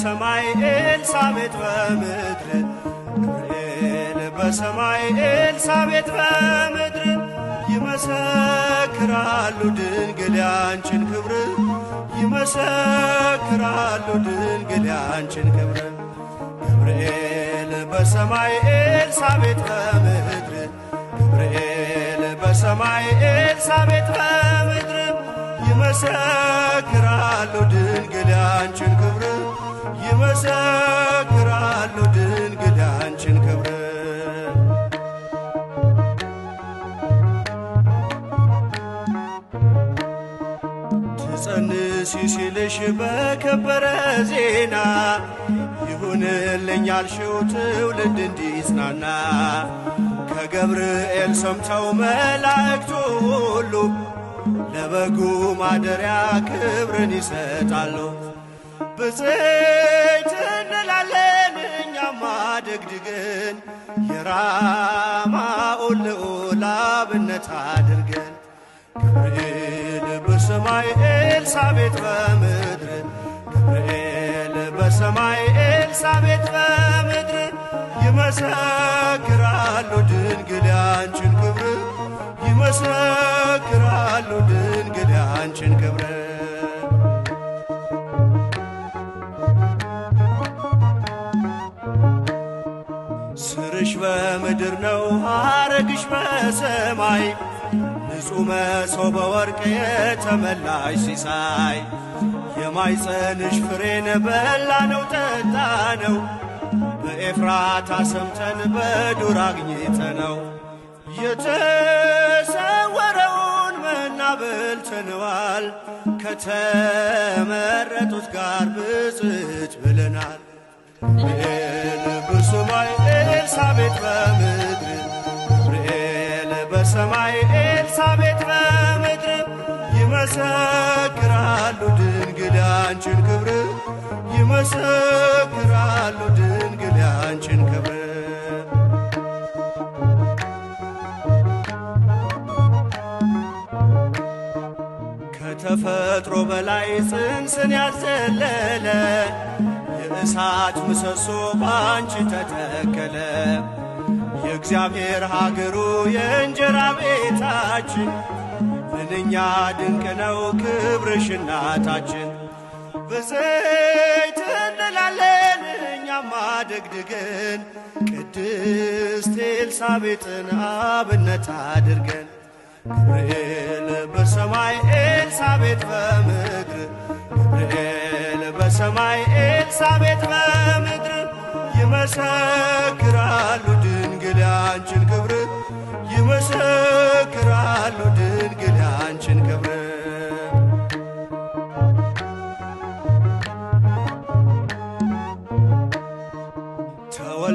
በሰማይ ኤልሳቤጥ በምድር ገብርኤል በሰማይ ኤልሳቤጥ በምድር ይመሰክራሉ ድንግል ያንቺን ክብር ይመሰክራሉ ድንግል ያንቺን ክብር ገብርኤል በሰማይ ኤልሳቤጥ በምድር ገብርኤል በሰማይ ኤልሳቤጥ በምድር ይመሰክራሉ ድንግል ያንቺን ክብር ደስ ሲልሽ በከበረ ዜና ይሁንልኝ ያልሽው ትውልድ እንዲጽናና ከገብርኤል ሰምተው መላእክቱ ሁሉ ለበጉ ማደሪያ ክብርን ይሰጣሉ። ብፅዕት እንላለን እኛማ ደግድግን የራማውን ልዑል አብነት አድርገን ገብርኤል ኤልሳቤጥ በምድር ገብርኤል በሰማይ ኤልሳቤጥ በምድር ይመሰክራሉ ድንግል ያንቺን ክብር ይመሰክራሉ ድንግል ያንቺን ክብር ስርሽ በምድር ነው ሐረግሽ በሰማይ ንጹሕ መሶበ ወርቅ የተመላሽ ሲሳይ የማይፀንሽ ፍሬን በላ ነው ጠጣ ነው በኤፍራታ ሰምተን በዱር አግኝተ ነው የተሰወረውን መና በልተነዋል ከተመረጡት ጋር ብፅዕት ብለናል የንጉሥ ሰማይ ኤልሳቤጥ በምድር በሰማይ ኤልሳቤት በምድር ይመሰክራሉ ድንግል ያንቺን ክብር ይመሰክራሉ ድንግል ያንቺን ክብር ከተፈጥሮ በላይ ጽንስን ያዘለለ የእሳት ምሰሶ ባንቺ ተተከለ የእግዚአብሔር ሀገሩ የእንጀራ ቤታችን ምንኛ ድንቅ ነው ክብርሽ እናታችን። በዘይት እንላለን እኛም አደግድገን ቅድስት ኤልሳቤጥን አብነት አድርገን ገብርኤል በሰማይ ኤልሳቤጥ በምድር ገብርኤል በሰማይ ኤልሳቤጥ በምድር ይመሰክራሉ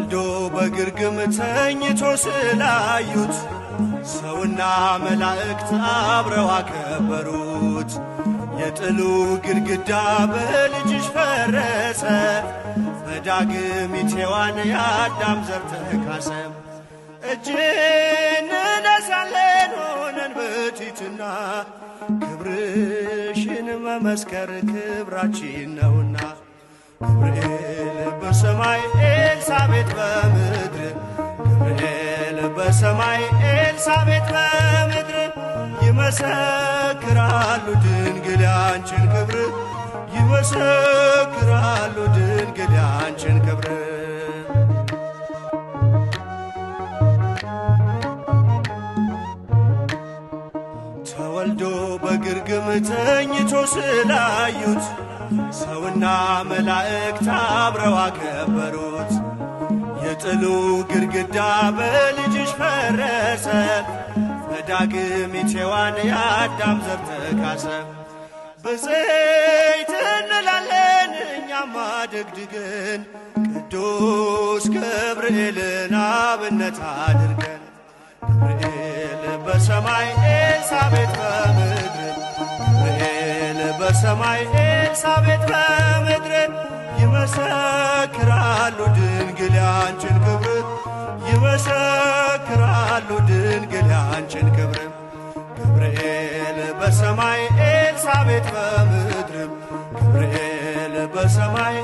ወልዶ በግርግም ተኝቶ ስላዩት ሰውና መላእክት አብረው አከበሩት። የጥሉ ግድግዳ በልጅሽ ፈረሰ፣ በዳግም ኢቴዋን የአዳም ዘር ተካሰ። እጅን ነሳለን ሆነን በቲትና ክብርሽን መመስከር ክብራችን ነውና ገብርኤል በሰማይ ኤልሳቤጥ በምድር ገብርኤል በሰማይ ኤልሳቤጥ በምድር ይመሰክራሉ ድንግል ያንችን ክብር ይመሰክራሉ ድንግል ያንችን ክብር ተወልዶ በግርግም ተኝቶ ስላዩት ሰውና መላእክት አብረው አከበሩት። የጥሉ ግርግዳ በልጅሽ ፈረሰ፣ በዳግም ሔዋን የአዳም ዘር ተካሰ። ብፅዕት እንላለን እኛማ ደግድገን ቅዱስ ገብርኤልን አብነት አድርገን ገብርኤል በሰማይ ኤልሳቤጥ በምድር ገብርኤል በሰማይ ኤልሳቤጥ በምድር ይመሰክራሉ ድንግል ያንችን ክብር ይመሰክራሉ ድንግል ያንችን ክብር ገብርኤል በሰማይ ኤልሳቤጥ በምድርም ገብርኤል በሰማይ